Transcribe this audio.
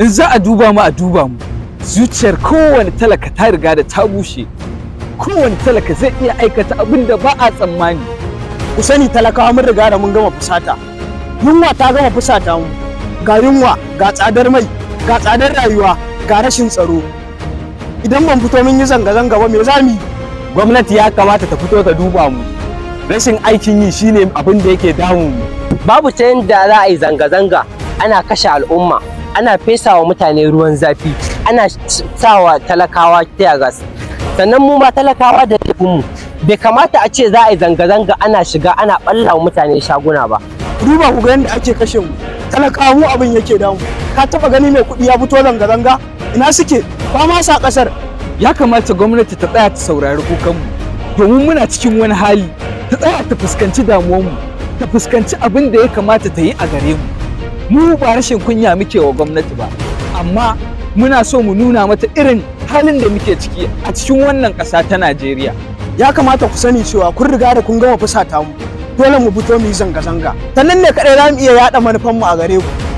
in za a duba mu a duba mu zuciyar kowane talaka ta riga da ta bushe kowane talaka zai iya aikata abin da ba a tsammani ku sani talakawa mun riga da mun gama fusata yunwa ta gama fusata mu ga yunwa ga tsadar mai ga tsadar rayuwa ga rashin tsaro idan ban fito mun yi zanga-zanga ba me za mu gwamnati ya kamata ta fito ta duba mu rashin aikin yi shine abin da yake damun mu babu ta yadda za a yi zanga-zanga ana kashe al'umma ana fesa wa mutane ruwan zafi ana sawa talakawa tear gas sannan mu ma talakawa da mu bai kamata a ce za a yi zanga-zanga ana shiga ana balla wa mutane shaguna ba duba ku ga yadda ake kashe mu talakawa mu abin yake damu ka taba gani mai kuɗi ya fito zanga-zanga ina suke ba ma sa kasar ya kamata gwamnati ta tsaya ta saurari kukanmu domin muna cikin wani hali ta tsaya ta fuskanci damuwanmu ta fuskanci abin da ya kamata ta yi a gare mu mu ba rashin kunya muke wa gwamnati ba amma muna so mu nuna mata irin halin da muke ciki a cikin wannan ƙasa ta Najeriya ya kamata ku sani cewa kun riga da kun gama fusata mu dole mu fito mu yi zanga-zanga ta nan ne kaɗai za mu iya yaɗa manufanmu a gare ku